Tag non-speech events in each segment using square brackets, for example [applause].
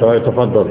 طيب تفضل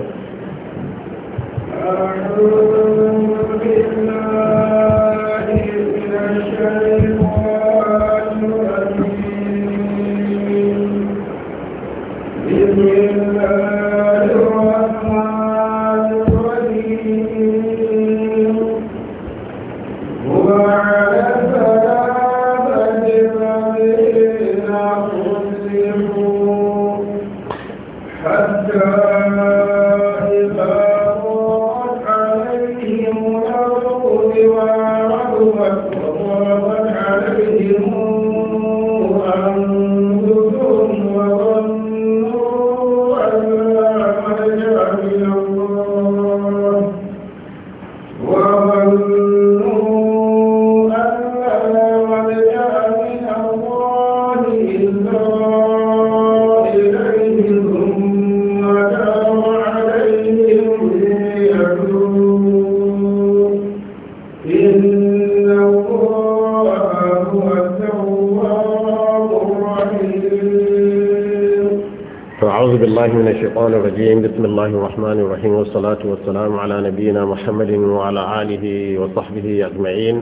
من الشيطان الرجيم بسم الله الرحمن الرحيم والصلاة والسلام على نبينا محمد وعلى آله وصحبه أجمعين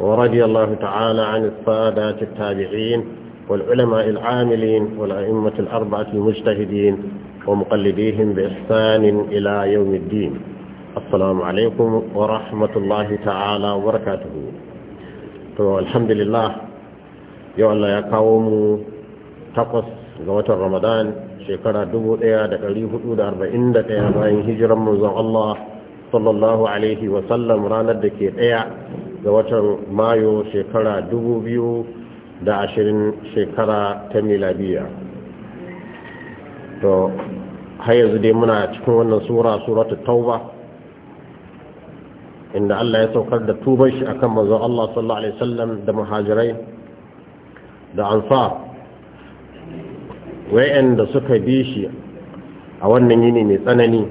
ورضي الله تعالى عن السادات التابعين والعلماء العاملين والأئمة الأربعة المجتهدين ومقلديهم بإحسان إلى يوم الدين السلام عليكم ورحمة الله تعالى وبركاته الحمد لله يا الله يا قوم تقص ga watan ramadan shekara 1441 bayan hijiran manzon Allah sallallahu alaihi wa sallam ranar da ke daya ga watan mayo shekara 2020 shekara ta miladiya to har yanzu dai muna cikin wannan sura suratul tauba inda Allah ya saukar da tuban shi akan manzon Allah sallallahu alaihi wa sallam, da muhajirai da ansar wayanda suka bi shi a wannan yini mai tsanani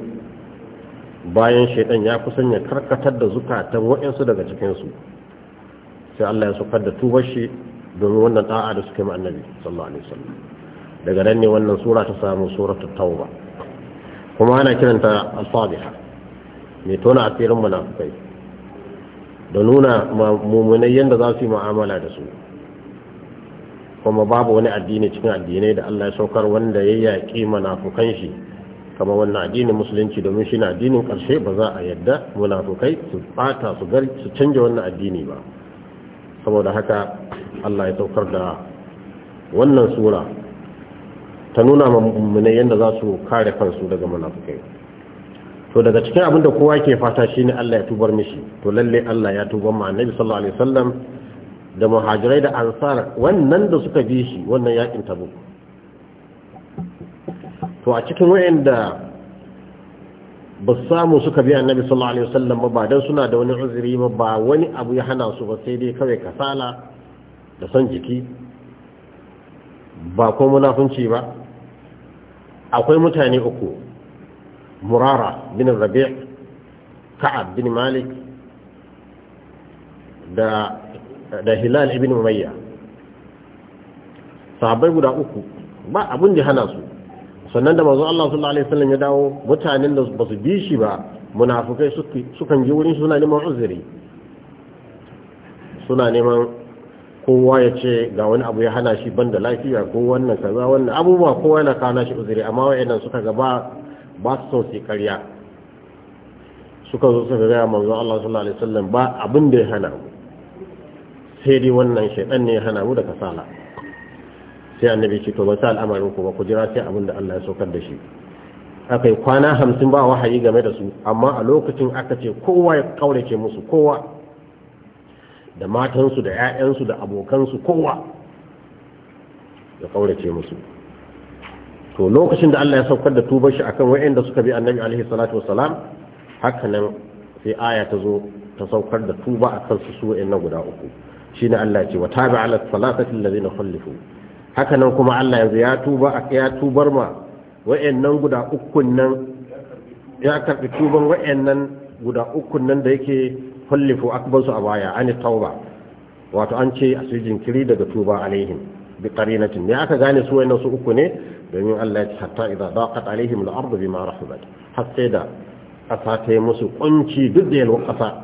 bayan shaidan ya kusan ya karkatar da zukatan wayansu daga cikinsu sai Allah ya sukar da tubar shi domin wannan da'a da suka yi annabi sallallahu alaihi wasallam daga nan ne wannan sura ta samu suratul tauba kuma ana kiranta al sabiha mai tona asirin munafikai da nuna mummunai yanda za su yi mu'amala da su kuma babu wani addini cikin addinai da Allah ya saukar wanda ya yaƙi munafukan shi kama wannan addinin musulunci domin shi na addinin ƙarshe ba za a yadda munafukai su bata su gar su canja wannan addini ba saboda haka Allah ya saukar da wannan sura ta nuna mummune yadda za su kare kansu daga munafukai to daga cikin abin da kowa ke fata shine Allah ya tubar mishi to lalle Allah ya tubar ma annabi sallallahu alaihi wasallam da muhajirai da ansar wannan da suka bi shi wannan yakin tabu to a cikin wayanda ba samu suka bi annabi sallallahu alaihi wasallam ba dan suna da wani uzuri ba ba wani abu ya hana su ba sai dai kawai kasala da son jiki ba ko munafunci ba akwai mutane uku murara bin rabi' ka'ab bin malik da da hilal ibn umayya sahabbai guda uku ba abin da hana su sannan da manzo Allah sallallahu alaihi wasallam ya dawo mutanen da ba su bi shi ba munafukai sukan je wurin suna neman uzuri suna neman kowa ya ce ga wani abu ya hana shi banda lafiya ko wannan kaza wannan abubuwa kowa yana kana shi uzuri amma wayannan suka ga ba ba su so su karya suka zo suka ga manzo Allah sallallahu alaihi wasallam ba abin da ya hana sai dai wannan shaidan ne hana mu da kasala sai annabi ce to ba sa al'amarin ku ba ku jira sai abin da Allah ya saukar da shi aka kwana hamsin ba wahayi game da su amma a lokacin aka ce kowa ya kaurace musu kowa da matansu da 'ya'yansu da abokansu kowa ya kaurace musu to lokacin da Allah ya saukar da tubar shi akan da suka bi annabi alaihi salatu wassalam haka nan sai aya ta zo ta saukar da tuba akan su su wa'annan guda uku shine Allah ce wa tabi ala da zina khulifu haka nan kuma Allah yanzu ya tuba ya tubar ma wayannan guda ukun nan ya karbi tuban wayannan guda ukun nan da yake khulifu akbasu a baya an tauba wato an ce su jinkiri daga tuba alaihim bi qarinatin ne aka gane su wayannan su uku ne domin Allah ya ce hatta idza daqat alaihim al-ardu bima rahabat har sai da kasa ta yi musu kunci duk da yalwar kasa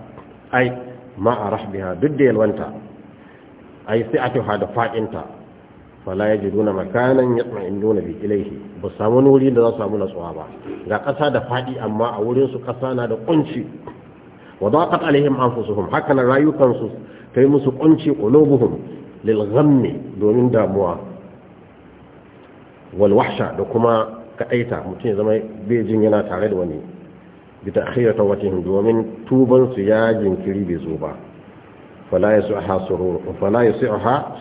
ai ma a rahbiha duk da yalwanta ai sai ake hada fadinta fala ya jiduna makanan ya tsama'induna bi ilaihi ba samu wuri da za su samu natsuwa ba ga ƙasa da faɗi amma a wurin su ƙasa na da kunci wa daqat alaihim anfusuhum haka na rayukansu yi musu kunci qulubuhum lil ghammi domin damuwa wal da kuma kaɗaita mutum ya zama bejin yana tare da wani bi ta'khiratu wajhihim domin tubansu ya jinkiri bai zo ba fala yasuha surur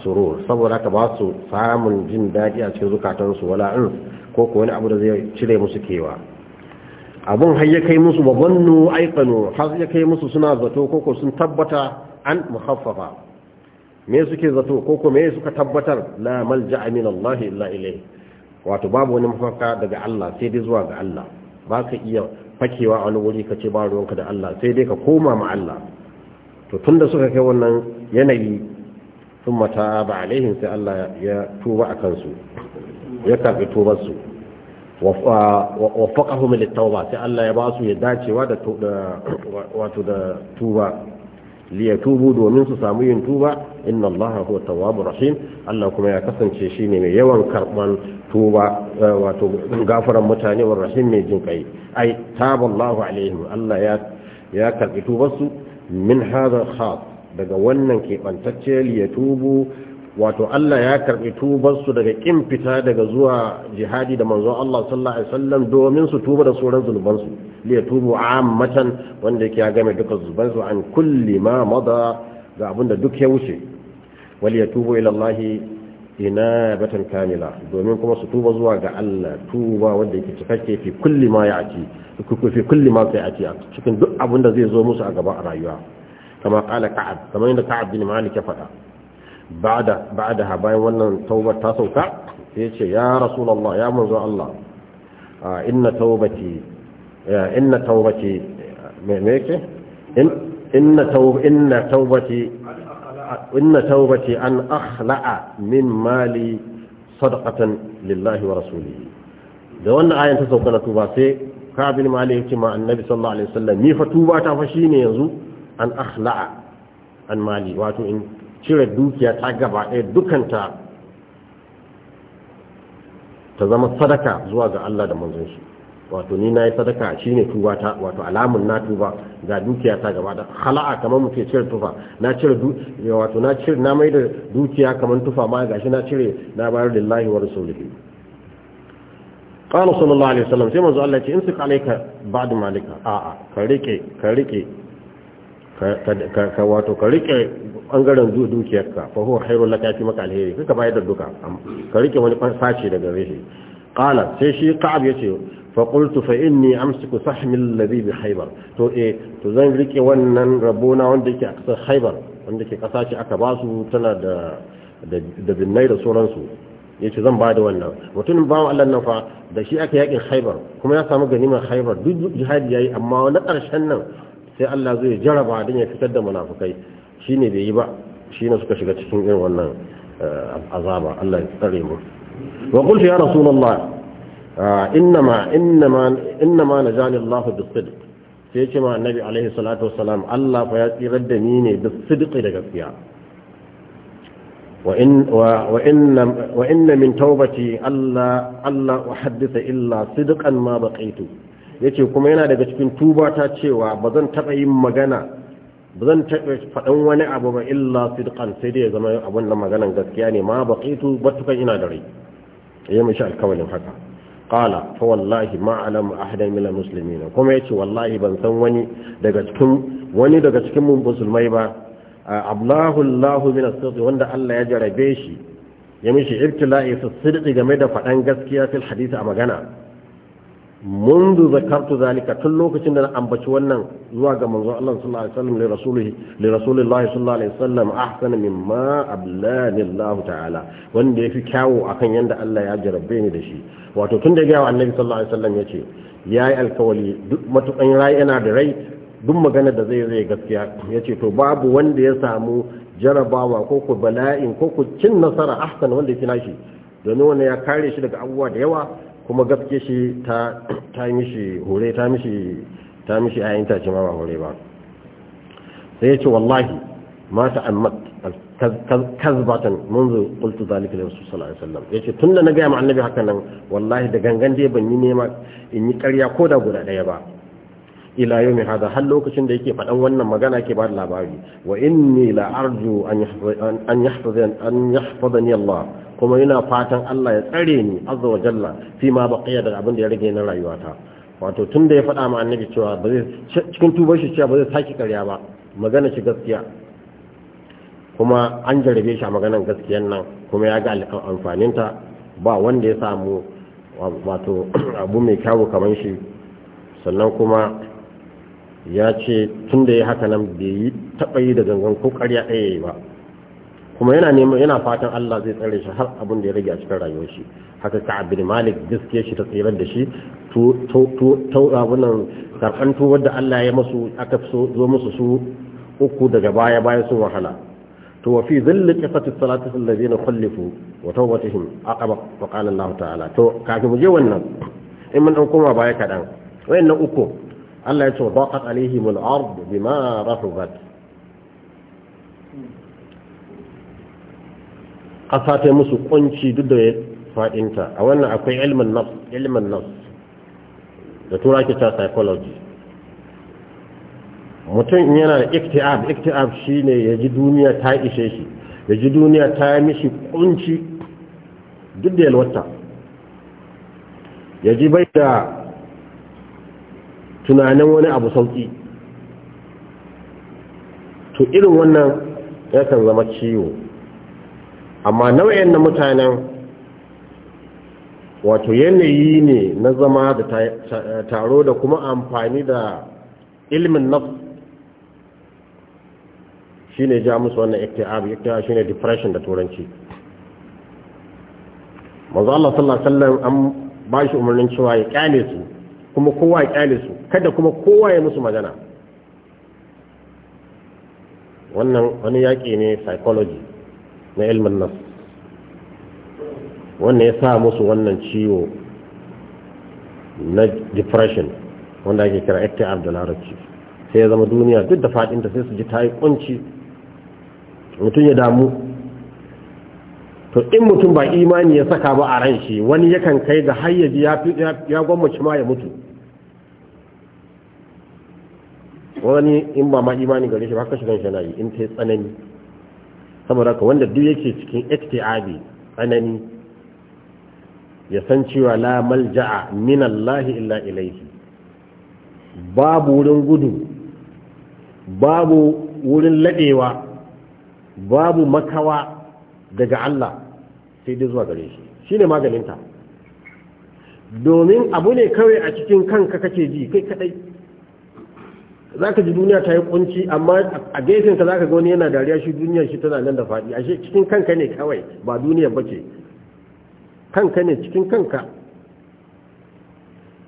surur saboda ka ba su samun jin daɗi a cikin zukatansu wala in ko ko wani abu da zai cire musu kewa abun har ya kai musu babannu aikanu har ya kai musu suna zato ko ko sun tabbata an muhaffafa me suke zato ko ko me suka tabbatar la malja'a min Allah illa ilayhi wato babu wani mafaka daga Allah sai dai zuwa ga Allah ba ka iya fakewa a wani wuri ka ce ba ruwanka da Allah sai dai ka koma ma Allah to tunda suka kai wannan yanayi sun mata ba alaihin sai Allah ya tuba a kansu ya karfi tubarsu wafaƙahum littauba sai Allah ya ba su ya dacewa da wato da tuba tubu domin su samu yin tuba inna Allah huwa tawabu rahim Allah kuma ya kasance shi ne mai yawan karɓar tuba eh, wato gafaran mutane wa rahim mai jin ƙai ai taballahu alaihim Allah ya karɓi tubarsu min hada khat daga wannan keɓantacce ya wato Allah ya karɓi tubarsu daga ƙin fita daga zuwa jihadi da manzon Allah sallallahu alaihi wasallam domin su tuba da sauran zunubansu li yatubu ammatan wanda yake ya game duka zunubansu an kulli ma mada ga abinda duk ya wuce wal yatubu ila Allah ina batan kamila domin kuma su tuba zuwa ga Allah tuba wanda yake cikakke fi kulli ma ya ya'ti fi kulli ma ya'ti cikin duk abin da zai zo musu a gaba a rayuwa kama kala ka'ab kama inda ka'ab bin malik ya faɗa ba'da ba'da bayan wannan taubar ta sauka sai ya ce ya rasulullah ya manzo Allah inna taubati inna taubati me yake inna taub inna taubati inna taubati an akhla'a min mali sadaqatan lillahi wa rasulihi da wannan ayan ta sauka na tuba sai ka bin mali yake ma annabi sallallahu alaihi wasallam ni fa tuba ta fa shine yanzu an akhla'a an mali wato in cire dukiya ta gaba ɗaya dukanta ta zama sadaka zuwa ga Allah da manzon shi wato ni na yi sadaka shine tuba ta wato alamun na tuba ga dukiya ta gaba da hala'a kamar muke cire tufa na cire dukiya wato na cire na mai da dukiya kamar tufa ma gashi na cire na bayar da lillahi wa rasulihi qala sallallahu alaihi wasallam sai manzo Allah ya ce in suka alaika ba'd malika a'a ka rike ka rike ka wato ka rike bangaren zuwa dukiyarka fa huwa khairul laka fi maka alheri kaka bayar da duka ka rike wani sace daga rishi qala sai shi ka'ab yace فقلت فإني أمسك صحم الذي بخيبر تو إيه تو زين ريكي ونن ربونا وندك أقصى خيبر وندك قصاشي أكباسو تنا دا da binnai da sauransu ya ce zan ba wannan mutumin bawo Allah nan fa da shi aka yakin haibar kuma ya samu ganimar haibar duk jihadi yayi amma na karshen nan sai Allah zai jaraba din ya fitar da munafukai shine bai yi ba shine suka shiga cikin irin wannan azaba Allah ya tsare mu wa qul ya rasulullah innama innama na Allah da sidq sai ce ma annabi alaihi salatu wasalam Allah fa ya tsirar da ni ne da sidqi da gaskiya wa inna min ta'ubati Allah Allah uhaddisa illa sidqan ma baqaitu yace kuma yana daga cikin tuba ta cewa bazan taba yin magana bazan taba fadan wani abu ba illa sidqan sai dai ya zama abun da maganan gaskiya ne ma ba batukan ina da rai yayi mishi alkawalin haka kala fa wallahi ma alamu ahadan min almuslimin kuma yace wallahi ban san wani daga cikin wani daga cikin musulmai ba ablahu Allahu min as-sidq wanda Allah ya jarabe shi ya mishi ibtila'i fi sidqi game da fadan gaskiya fil hadisi a magana منذ ذكرت tun lokacin da na ambaci wannan zuwa ga manzon Allah sallallahu alaihi wasallam li rasulihi li rasulillahi sallallahu alaihi wasallam ahsana mimma ablani Allah ta'ala wanda fi kyawu a kan yadda Allah ya jarabe ni da shi wato tun da gawa annabi sallallahu alaihi wasallam yace yayi alkawali duk matukan rai yana da rai duk magana da zai zai gaskiya Ya ce to babu wanda ya samu jarabawa ko ku bala'in ko ku cin nasara ahsana wanda yake nashi ya kare shi daga abubuwa da yawa kuma gaske shi ta mishi hure ta mishi ta mishi ayin ta ce ma ba hure ba sai yace wallahi ma ta'ammat kazbatan منذ قلت ذلك للرسول صلى الله Ya ce yace tunda na gaya mu annabi hakan nan wallahi da gangan dai ban yi nema in yi karya ko da guda ɗaya ba ila mai hada har lokacin da yake faɗan wannan magana ke ba da labari wa inni la arju an yahfazan an yahfazani Allah kuma yana fatan Allah ya tsare ni azza wa jalla fi ma baqiya daga abin da ya rage na rayuwata wato tun da ya faɗa ma annabi cewa ba zai cikin tubar shi cewa ba zai saki ƙarya ba magana shi gaskiya kuma an jarabe shi a maganar gaskiyan nan kuma ya ga ta ba wanda ya samu wato [clears throat] abu mai kyawu kamar shi sannan kuma ya ce tun da ya haka nan bai taɓa yi da gangan ko ƙarya ɗaya ba kuma yana neman yana fatan Allah zai tsare shi har abin da ya rage a cikin rayuwar shi haka ka abin malik gaske shi ta tsirar da shi to abunan karɓan tuwar da Allah ya masu aka zo musu su uku daga baya bayan sun wahala to wa fi zilli qisati salati allazina khulifu wa tawbatihim aqaba wa qala Allah ta'ala to kafin mu je wannan in mun dan koma baya kadan wayannan uku Allah ya ce wa daqat alaihim al-ard bima rahabat ƙasa ta musu kunci duk da faɗinta a wannan akwai ilmin nas da tura ke ta psychology mutum yana da iktiab iktiab ne ya ji duniya ta ishe shi ya ji duniya ta yi mishi kunci duk da yalwata ya ji bai da tunanin wani abu sauki to irin wannan ya yakan zama ciwo amma nau'in na mutanen wato yanayi ne na zama da taro da kuma amfani da ilimin na shi ne ja musu wannan iktiab iktiab shi ne depression da turanci manzo Allah sallallahu alaihi wasallam an ba shi umarnin cewa ya kyale su kuma kowa ya kyale su kada kuma kowa ya musu magana wannan wani yaƙi ne psychology na ilmin nas wannan ya sa musu wannan ciwo na depression wanda ake kira ftr da larabci sai ya zama duniya duk da faɗinta sai su ji ta yi kunci mutum ya damu to in mutum ba imani ya saka ba a ran shi wani yakan kai da hayyaji ya gwammaci ma ya mutu wani in ba ma imani gare shi ba haka shi kan shi na yi in ta yi tsanani saboda ka wanda duk yake cikin iktiabi tsanani ya san cewa la malja'a min Allah illa ilaihi babu wurin gudu babu wurin ladewa babu makawa daga Allah sai dai zuwa gare shi shine maganinta domin abu ne kawai a cikin kanka kake ji kai kadai za ka ji duniya ta yi kunci amma a gefen ka za ka wani yana dariya shi duniyar shi tana nan da faɗi ashe cikin kanka ne kawai ba duniya ba ce kanka ne cikin kanka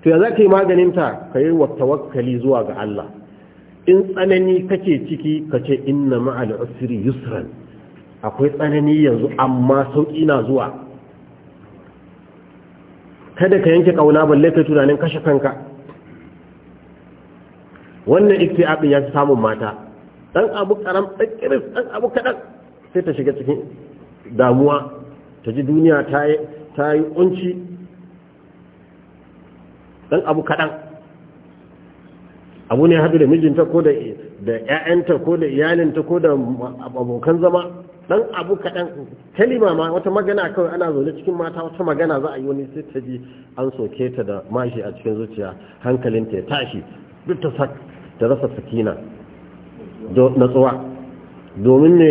to ya za ka yi maganinta ka yi wa tawakkali zuwa ga Allah in tsanani kake ciki ka ce inna ma'al usri yusran akwai tsanani yanzu amma sauki na zuwa kada ka yanke kauna balle ka tunanin kashe kanka wannan abin ya fi samun mata dan abu karam tsakiris dan abu kadan sai ta shiga cikin damuwa ta ji duniya ta yi ta yi kunci dan abu kadan abu ne hadu da mijinta ko da da ƴaƴanta ko da iyalinta ko da abokan zama dan abu kaɗan kalima ma wata magana kawai ana zaune cikin mata wata magana za a yi wani sai ta ji an soke ta da mashi a cikin zuciya hankalinta ya tashi duk ta ta rasa sakina natsuwa domin ne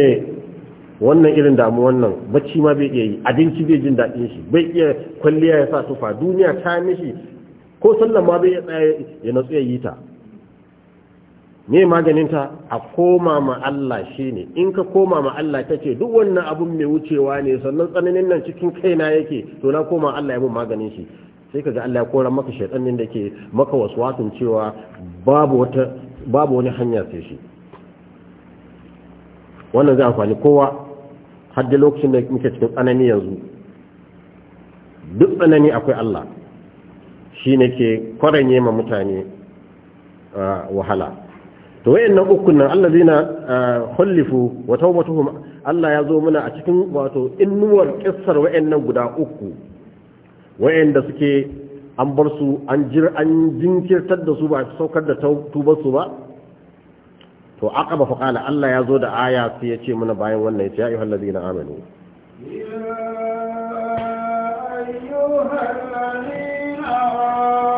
wannan irin damu wannan bacci ma bai iya yi abinci bai jin daɗin shi bai iya kwalliya ya sa tufa duniya ta mishi ko sallan ma bai tsaya ya na ya yi ta me maganinta a koma ma Allah shi ne in ka koma ma Allah ta ce duk wannan abun mai wucewa ne sannan tsananin nan cikin kaina yake to na koma Allah ya mun maganin shi sai ka ga Allah ya kora maka shaitan ne da ke maka waswasin cewa babu wani hanya sai shi wannan zai amfani kowa har da lokacin da muke cikin tsanani yanzu duk tsanani akwai Allah shi ne ke kwaranye ma mutane wahala to nan ukun nan allazina khulifu wa tawbatuhum Allah ya zo muna a cikin wato innuwar kissar nan guda uku wayanda suke an bar su an jinkirtar da su ba saukar da tubar su ba to aqaba fa qala Allah ya zo da aya sai ya ce mana bayan wannan ya ce ya ayyuhal ladina amanu ya ayyuhal ladina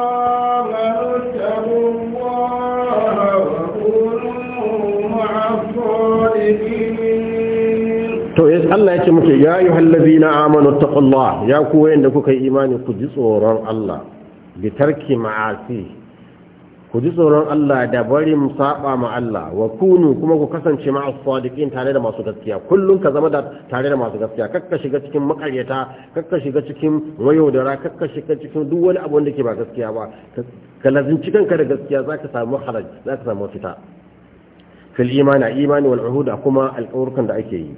to eh, Allah ya ce muke ya yi hallazi na amanu taqullah ya kuwa yadda kuka yi imani ku ji tsoron Allah bi tarki ma'asi ku ji tsoron Allah da bari mu saba ma Allah wa kunu kuma ku kasance ma'a sadiqin tare da masu gaskiya kullum ka zama da tare da masu gaskiya kakka shiga cikin makaryata kakka shiga cikin ra kakka shiga cikin duk wani abu wanda ke ba gaskiya ba ka lazinci kanka da gaskiya zaka samu haraj zaka samu fita fil imani imani wal uhud kuma alƙawurkan da ake yi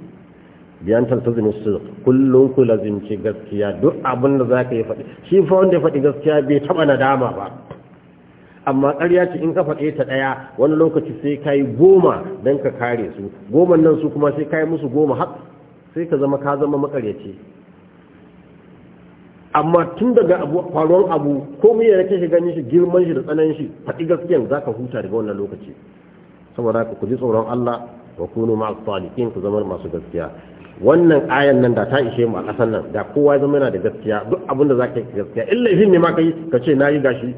biyan taltazimin su kullum ku lazimci gaskiya duk abin da za ka yi faɗi shi fa wanda ya faɗi gaskiya bai taɓa nadama ba amma ƙarya ce in ka faɗe ta ɗaya wani lokaci sai ka yi goma don ka kare su goman nan su kuma sai ka yi musu goma haƙ sai ka zama ka zama makaryaci amma tun daga faruwan abu ko ya yana shi ganin shi girman shi da tsanan shi faɗi gaskiyan za ka huta daga wannan lokaci saboda ku ji tsoron Allah wa kunu ma'as salihin ku zama masu gaskiya wannan ayan nan da ta ishe mu a ƙasar nan da kowa ya zama yana da gaskiya duk abin da za ka yi gaskiya illa laifin ne ma ka yi ka ce na yi gashi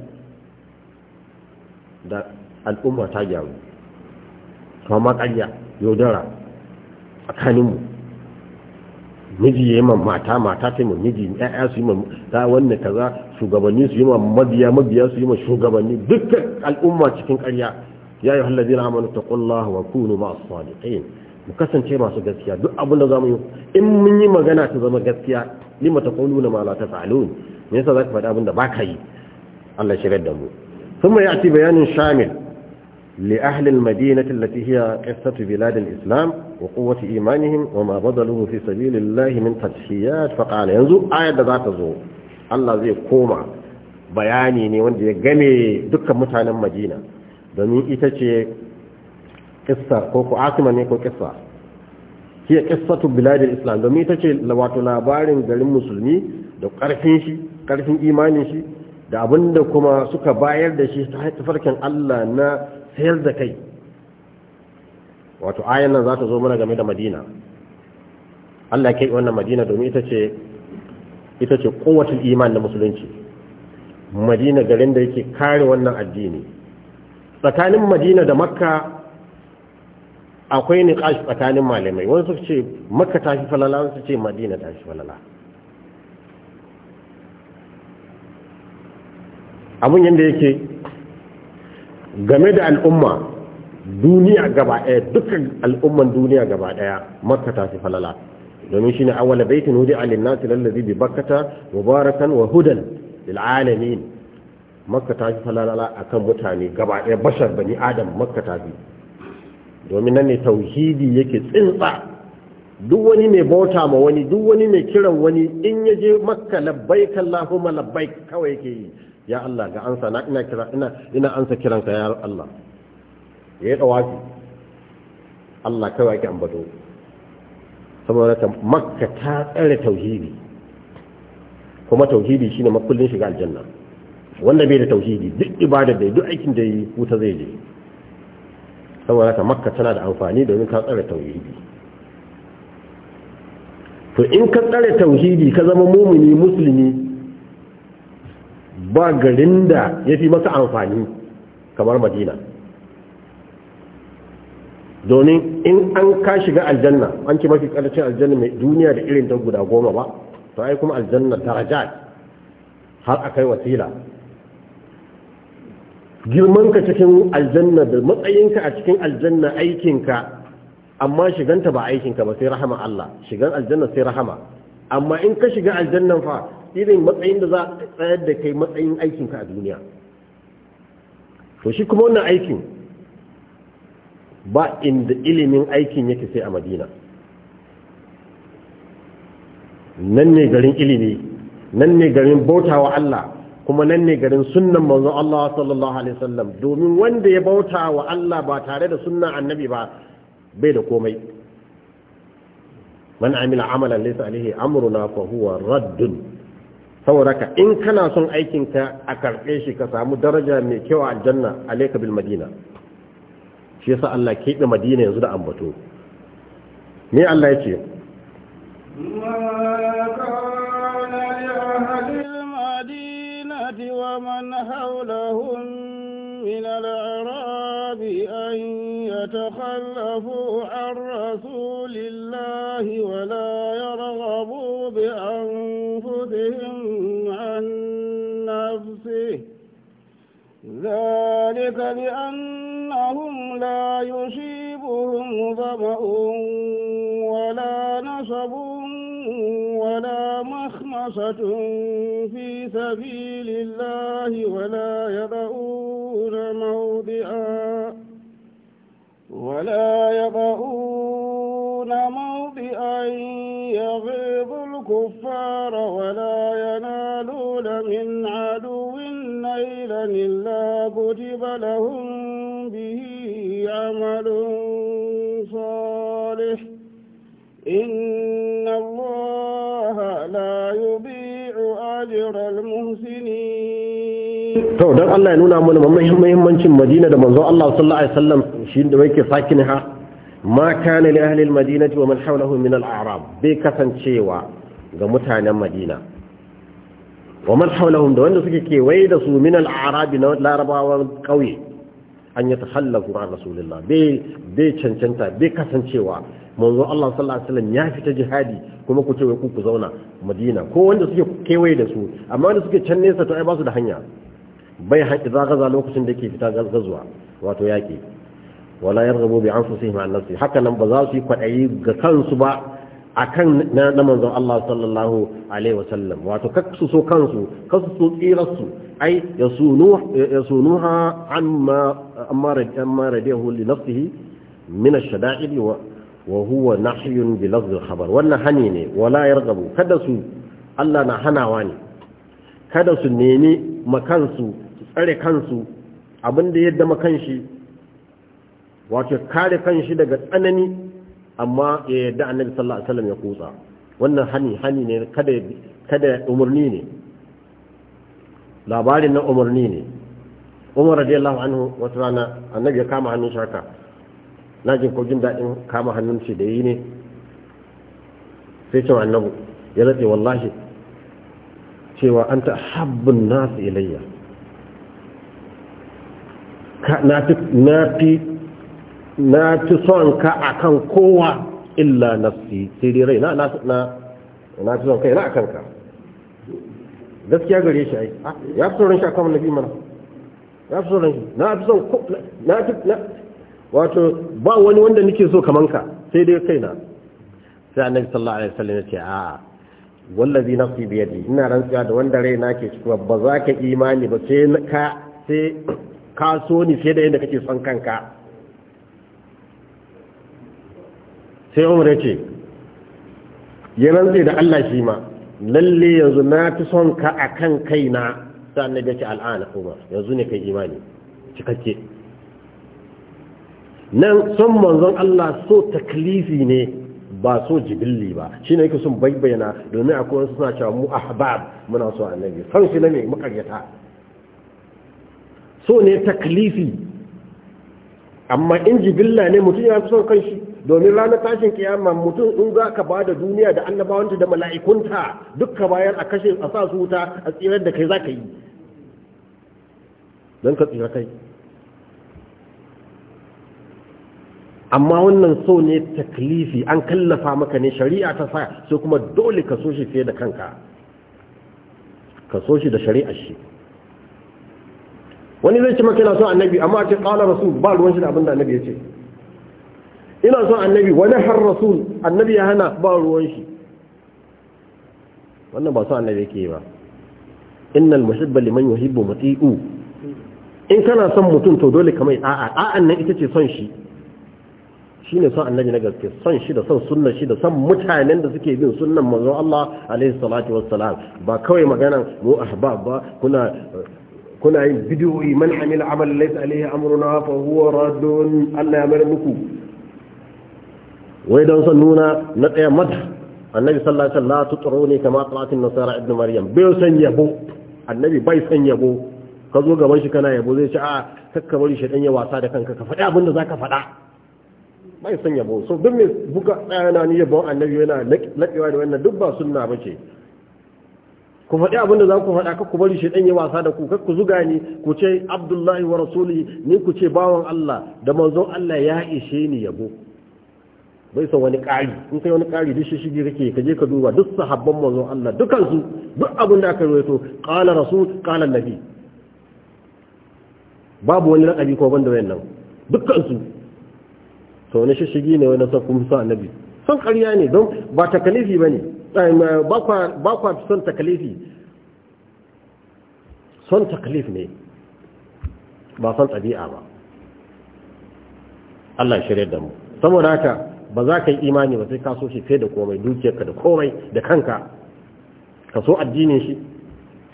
da al'umma ta gyaru kama ƙarya yaudara kaninmu, miji ya yi ma mata mata ta yi ma miji ya'ya su yi ma ta wanne kaza shugabanni su yi ma mabiya mabiya su yi ma shugabanni dukkan al'umma cikin ƙarya ya yi hallazi na amalta taqullaha wa kunu ma'as sadiqin mu kasance masu gaskiya duk abin da za mu yi in mun yi magana ta zama gaskiya lima ta kulu na ta salun me yasa za ka faɗi abin da ba ka yi Allah shirar da mu sun mai ati bayanin shamil li ahlil madinati allati hiya qissatu islam wa quwwati imanihim wa ma badaluhu fi sabilillahi min tadhiyat fa qala yanzu ayat da za ta zo Allah zai koma bayani ne wanda ya game dukkan mutanen Madina domin ita ce kissa ko ku asima ne ko kissa hiya qissatu biladin islam domin ita ce wato labarin garin musulmi da karfin shi karfin imanin shi da abinda kuma suka bayar da shi ta farkin Allah na sayar da kai wato ayan nan za ta zo mana game da madina Allah ke wannan madina domin ita ce ita ce kowatul iman na musulunci madina garin da yake kare wannan addini tsakanin madina da makka akwai kashi tsakanin malamai wani suka ce makka tafi falala wani su ce madina tafi falala abun yadda yake game da al'umma duniya gaba daya dukkan al'umman duniya gaba daya makka tafi falala domin shi shine awwala baitin hudu lin-nasi lallazi bi bakkata mubarakan wa hudan lil'alamin alamin makka tafi falala akan mutane gaba daya bashar bani adam makka tafi domin nan ne tauhidi yake tsinsa duk wani mai bauta ma wani duk wani mai kiran wani in ya je makka labbaik allahumma labbaik kawai yake yi ya Allah ga ansa na ina kira ina ina ansa kiranka ya Allah ya dawafi Allah kawai yake ambato saboda ta makka ta tsare tauhidi kuma tauhidi shine makullin shiga aljanna wanda bai da tauhidi duk ibada da duk aikin da yi wuta zai je saboda ta makka tana da amfani domin ka tsare tauhidi to in ka tsare tauhidi ka zama mumini musulmi ba garin da ya fi masa amfani kamar madina domin in an ka shiga aljanna an ce mafi ƙarfin aljanna mai duniya da irin ta guda goma ba to ai kuma aljanna darajat har a kai wasila girmanka cikin aljanna da matsayinka a cikin aljanna aikinka amma shiganta ba aikinka ba sai rahama Allah shigan aljanna sai rahama amma in ka shiga aljanna fa irin matsayin da za a tsayar da kai matsayin aikinka a duniya to shi kuma wannan aikin ba inda ilimin aikin yake sai a madina nan ne garin ilimi nan ne garin bautawa Allah kuma nan ne garin sunnan manzon Allah sallallahu alaihi wasallam domin wanda ya bauta wa Allah ba tare da sunnan annabi ba bai da komai man amila amalan laysa alaihi amruna fa huwa raddun saboda in kana son aikin ka a karbe shi ka samu daraja mai kyau a aljanna alayka bil madina shi yasa Allah ke madina yanzu da ambato me Allah ya ce ومن حولهم من الأعراب أن يتخلفوا عن رسول الله ولا يرغبوا بأنفسهم عن نفسه ذلك لأنهم لا يصيبهم ظمأ عشرة في سبيل الله ولا يضعون موضعا ولا يضعون موضعا يغيظ الكفار ولا ينالون من عدو نيلا إلا كتب لهم به عمل صالح yubi أجر المحسنين to dan Allah ya nuna mana muhimmancin Madina da manzo Allah sallallahu alaihi wasallam shi da yake sakin ha ma kana li ahli al wa man hawlahu min al'arab bi kasancewa ga mutanen Madina wa man hawlahum da wanda suke kewaye da su min al'arab na larabawan kauye an yi tahallafu a bi bi cancanta bi kasancewa manzo Allah sallallahu alaihi wasallam ya fita jihadi kuma ku ce wai ku zauna Madina ko wanda suke kewaye da su amma wanda suke can nesa to ai ba su da hanya bai haƙi gaza lokacin da ke fita gazuwa wato yaƙi wala yarghabu bi anfusihim an nafsi haka nan ba za su yi kwadayi ga kansu ba akan na na manzon Allah sallallahu alaihi wasallam wato su so kansu su so tsirarsu ai yasunu yasunuha amma amma radiyahu li nafsihi min ash-shada'id wa Wahuwa huwa nahyun bi lafzil wannan hani ne wala ya yarghabu kada su Allah na hanawa ne kada su nemi makansu tsare kansu abinda yadda makanshi wato kare kanshi daga tsanani amma ya yadda annabi sallallahu alaihi wasallam ya kutsa wannan hani hani ne kada kada umarni ne labarin na umarni ne umar radiyallahu anhu wata rana annabi ya kama hannun shaka na jin ko jin daɗin kama hannun shi da yi ne sai cewa annabu ya zaɓe wallahi cewa an ta habbin nasu ilayya na fi son ka a kan kowa illa nafsi sai dai rai na fi son kai na a kanka gaskiya gare shi ai ah, ya fi son shi a kan nabi mana ya fi son shi na fi son wato ba wani wanda nake so kaman ka sai dai kaina sai annabi sallallahu alaihi wasallam ya ce a wallazi nafsi bi yadi ina rantsuwa da wanda rai nake cewa ba za ka imani ba sai ka sai ka so ni sai da yadda kake son kanka sai umar yace ya rantsi da Allah shi ma lalle yanzu na fi son ka akan kaina sai annabi ya ce al'ana umar yanzu ne kai imani cikakke nan son manzon Allah so taklifi ne ba so jibilli ba shi ne yake sun bayyana domin akwai wasu suna cewa mu ahbab muna so annabi san shi na mai makaryata so ne taklifi amma in jibilla ne mutum ya fi son kanshi domin ranar tashin kiyama mutum in za ka bada duniya da annabawanta da mala'ikunta duka bayan a kashe a sa su wuta a tsirar da kai za ka yi don ka tsira kai amma wannan so ne taklifi an kallafa maka ne shari'a ta sa sai kuma dole ka so shi fiye da kanka ka so shi da shari'a shi wani zai ce maka yana son annabi amma a ce qala rasul ba ruwan shi da abinda annabi ya ce ina son annabi wani har rasul annabi ya hana ba ruwan shi wannan ba son annabi yake ba innal muhibba liman yuhibbu mati'u in kana son mutum to dole ka mai a'a a'an nan ita ce son shi Shi ne son annabi na gaske son shi da son sunnar shi da son mutanen da suke bin sunnan manzon Allah alaihi salatu wassalam ba kawai magana mu ahbab ba kuna kuna yin bidiyoyi man amila amal laysa alaihi amruna fa huwa raddun Allah ya mar muku wai don son nuna na tsaya mata annabi sallallahu alaihi wasallam tutruni kama qalatin nasara ibn maryam bai san yabo annabi bai san yabo ka zo gaban shi kana yabo zai ci a kakka bari shi dan ya wasa da kanka ka faɗi abin da zaka faɗa bai son yabo so duk mai buga tsayana ni yabon annabi yana laƙewa da wannan duk ba sunna ba ce ku faɗi abinda za ku faɗa ku bari shi ya wasa da ku kar ku zuga ni ku ce abdullahi wa rasuli ni ku ce bawan Allah da manzon Allah ya ishe ni yabo bai san wani ƙari in kai wani ƙari duk shi shige kake ka je ka duba duk sahabban manzon Allah dukan su duk abin da aka rawaito qala rasul qala nabi babu wani lakabi ko banda wayannan dukkan su to wani shishigi ne wani kuma sa annabi son ƙarya ne don ba takalifi ba ne ba kwa son takalifi son takalif ne ba son tsabi'a ba Allah shirya da mu saboda haka ba za ka yi imani ba sai ka so shi fai da komai dukiyarka da komai da kanka ka so addinin shi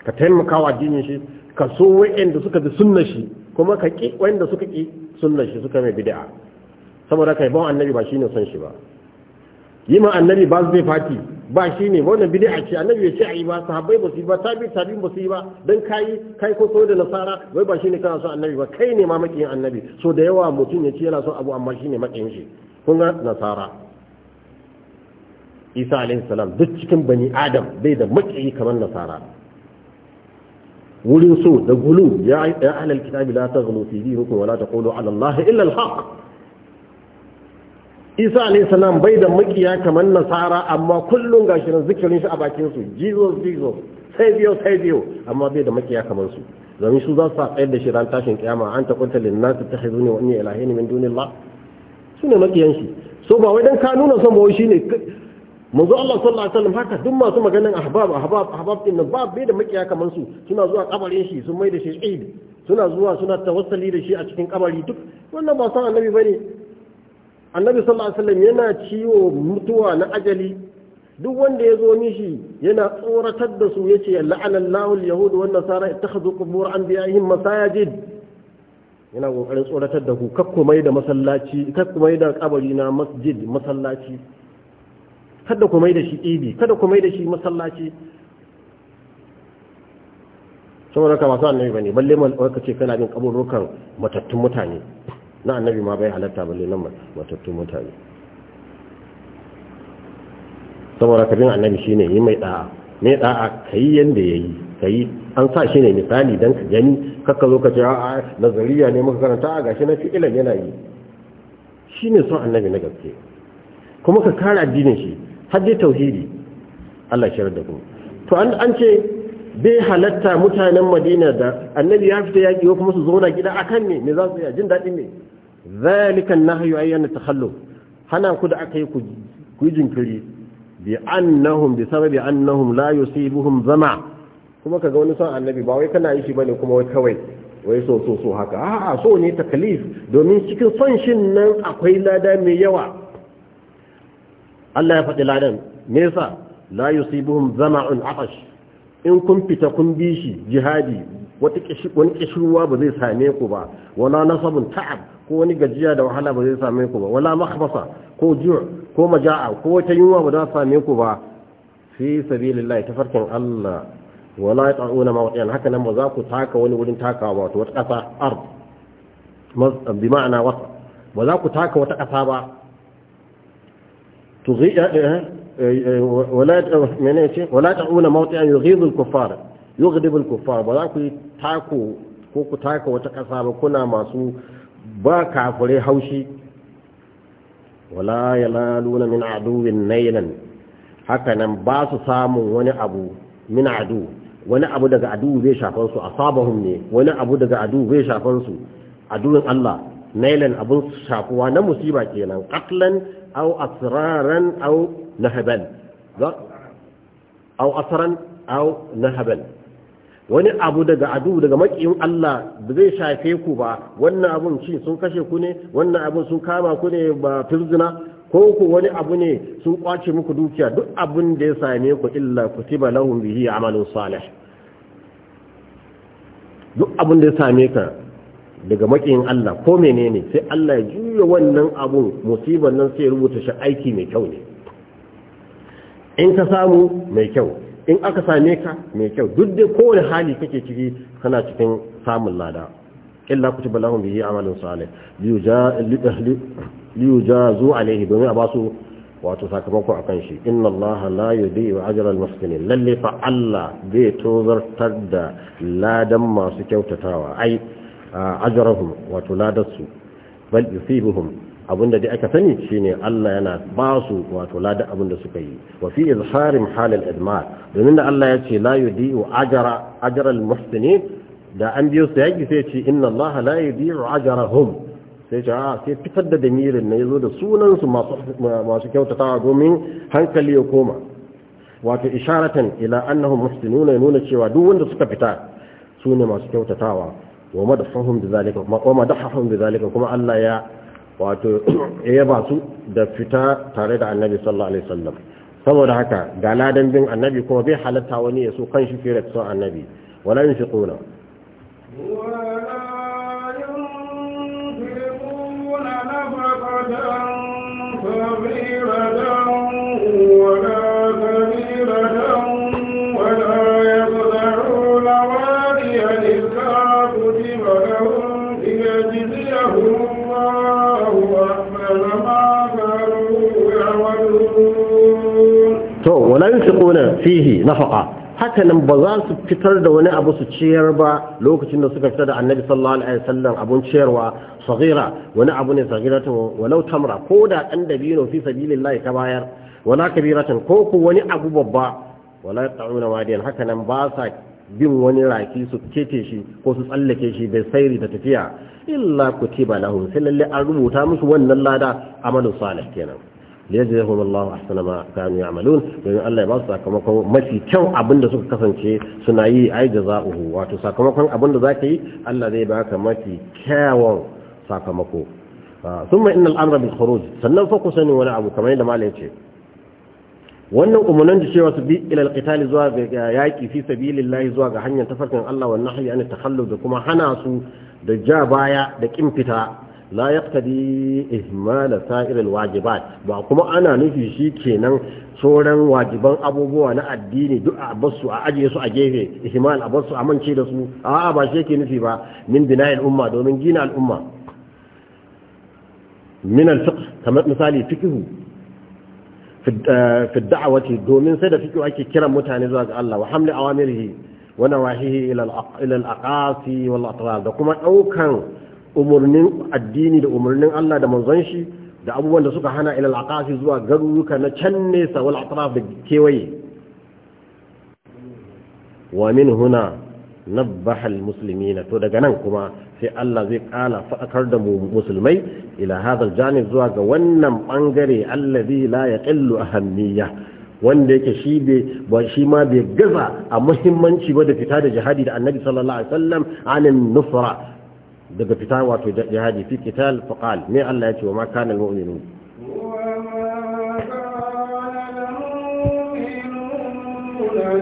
ka taimaka wa addinin shi ka so da suka bi sunna shi kuma ka ƙi da suka ƙi sunna shi suka mai bid'a saboda kai ban annabi ba shine son shi ba yi ma annabi ba zai fati ba shine wannan bid'a ce annabi ya ce ayi ba sahabbai ba su ba tabi tabi ba su ba dan kai kai ko so da nasara wai ba shine kana son annabi ba kai ne ma makiyin annabi so da yawa mutum ya ce yana son abu amma shine makiyin shi kun ga nasara Isa alaihi salam duk cikin bani Adam bai da makiyi kamar nasara wurin so da gulu ya ahlal kitabi la taghlu fi dinikum wa la taqulu ala allahi illa haqq isa alayhi salam bai da makiya kamar nasara amma kullum gashi nan zikirin shi a bakin su jesus jesus sai biyo sai biyo amma bai da makiya kamar su domin su za su sa tsayar da shi ran tashin kiyama an ta kunta lin nasu ta hizuni wa inni ilahi min duniya. su ne makiyan shi so ba wai dan ka nuna son ba wai shine manzo Allah sallallahu alaihi wasallam haka duk masu maganin ahbab ahbab ahbab din nan ba bai da makiya kamar su suna zuwa kabarin shi sun mai da shi aid suna zuwa suna tawassali da shi a cikin kabari duk wannan ba san annabi bane annabi sallallahu alaihi wasallam yana ciwo mutuwa na ajali duk wanda ya zo mishi yana tsoratar da su yace la'ana Allahu al wa an-nasara ittakhadhu qubur anbiya'ihim masajid yana kokarin tsoratar da ku kakku mai da masallaci kakku mai da kabari na masjid masallaci kada ku mai da shi ibi kada ku mai da shi masallaci saboda ka masu annabi bane balle man ka ce kana bin kaburukan matattun mutane na annabi ma bai halatta ba ne nan matattun mutane saboda kabin annabi shine yi mai da'a mai da'a ya yanda ka yi an sa shi ne misali don ka gani kakka zo ka ce a nazariya ne muka karanta a gashi na fi'ilan yana yi ne son annabi na gaske kuma ka kara addinin shi har tauhidi Allah ya da kuma to an ce bai halatta mutanen Madina da annabi ya fita yaƙi ko kuma su zauna gida akan ne me za su yi jin daɗi ne zalikan nahyu ayyana takhalluf hana ku da aka yi ku jinkiri bi annahum bi sababi annahum la yusibuhum zama kuma kaga wani son annabi ba wai kana yi shi bane kuma wai kawai wai so so so haka a'a so ne taklif domin cikin son shin nan akwai lada mai yawa Allah ya faɗi ladan me yasa la yusibuhum zama'un atash in kun fita kun bi shi jihadi wani kishirwa ba zai same ku ba wala nasabun ta'ab ko wani gajiya da wahala ba zai same ku ba wala makhbasa ko ju' ko maja'a ko wata yunwa ba za same ku ba fi sabilillah tafarkin Allah wala yaquna mawdi'an haka nan ba za ku taka wani wurin taka wato wata kasa ard bi ma'ana wasa ba za ku taka wata kasa ba tughi eh, eh, eh, wala menene wala ta'una mawdi'an yughidhu al yughdibul kuffar ba za ku yi tako ko ku taka wata ƙasa ba kuna masu ba kafirai haushi wala yalaluna min aduwin nailan haka nan ba su samun wani abu min adu wani abu daga adu bai shafan su asabahum ne wani abu daga adu bai shafan su aduwin Allah nailan abun shafuwa na musiba kenan qatlan aw asraran aw nahaban aw asran aw nahaban wani abu daga adu daga makiyin Allah da zai shafe ku ba wannan abun shi sun kashe ku ne wannan abun sun kama ku ne ba firzina ko ku wani abu ne sun kwace muku dukiya duk abun da ya same ku illa kutiba lahum bihi amalun salih duk abun da ya same ka daga makiyin Allah ko menene sai Allah ya juya wannan abun musibar nan sai ya rubuta shi aiki mai kyau ne in ka samu mai kyau in aka same ka mai kyau duk da kowane hali kake ciki kana cikin samun lada illa kutiba lahum bihi amalun salih liyujazu alaihi domin a basu wato sakamako akan shi inna Allah la yudhi'u ajra al-muhsinin lalle fa Allah zai tozartar da ladan masu kyautatawa ai ajrahum wato ladarsu bal yusibuhum abinda dai aka sani shine Allah yana ba su wato ladan abinda suka yi wa fi izharim halal idmar domin da Allah ya ce la yudiu ajra ajra al muhsinin da an biyo su yaki sai ce inna Allah la yudiu ajrahum sai ce a ah, sai fitar da damirin ne yazo da sunan su masu masu kyautatawa domin hankali ya koma wato isharatan ila annahum muhsinuna nuna cewa duk wanda suka fita su ne masu kyautatawa wa madahahum bi zalika kuma Allah ya wato yaba su da fita tare da annabi sallallahu alaihi wasallam saboda haka ga ladan bin annabi kuma bai halatta wani ya so shi fere son annabi wala ƙuna. fihi nafaqa haka nan ba za su fitar da wani abu su ciyar ba lokacin da suka fita da annabi sallallahu alaihi wasallam abun ciyarwa saghira wani abu ne to walau tamra ko da dan dabino fi sabilillahi ka bayar wala kabiratan ko ko wani abu babba wala ta'una wadiyan haka nan ba sa bin wani raki su kete shi ko su tsallake shi bai sairi da tafiya illa kutiba lahu sai lalle an rubuta musu wannan lada amalu salih kenan ليجزيهم الله ahsana ma kanu ya'malun domin Allah ya ba su sakamakon mafi kyau abinda suka kasance suna yi ai jaza'uhu wato sakamakon abinda zaka yi Allah zai ka mafi kyawun sakamako thumma inna al-amra bil khuruj sannan fa kusani wani abu kamar yadda malai ce wannan umunan da cewa su bi ila al zuwa ga yaqi fi sabilillahi zuwa ga hanyar tafarkin Allah wa nahyi an takhallud da kuma hana su da ja baya da kimfita la yaqtadi ihmal sa'ir alwajibat ba kuma ana nufi shi kenan sauran wajiban abubuwa na addini duk a basu a ajiye a gefe ihmal a basu amince da su a'a ba shi yake nufi ba min bina'il umma domin gina al'umma min al-fiqh misali fiqhu eh, fi da'awati domin sai da fiƙo ake kiran mutane zuwa ga Allah wa hamli awamirihi wa nawahihi ila al-aqasi wal atrar da kuma daukan umarnin addini da umarnin Allah da manzon shi da abubuwan da suka hana al aqasi zuwa garuruka na can nesa wal atraf da kewaye wa min huna nabaha al muslimina to daga nan kuma sai Allah zai kala fadakar da mu musulmai ila hadal janib zuwa ga wannan bangare allazi la yaqillu ahammiya wanda yake shi ba shi ma bai gaza a muhimmanci ba da fita da jihadi da annabi sallallahu alaihi wasallam anan nusra daga fita wato jihadi fi qital faqal me Allah ya ce wa ma kana almu'minun وما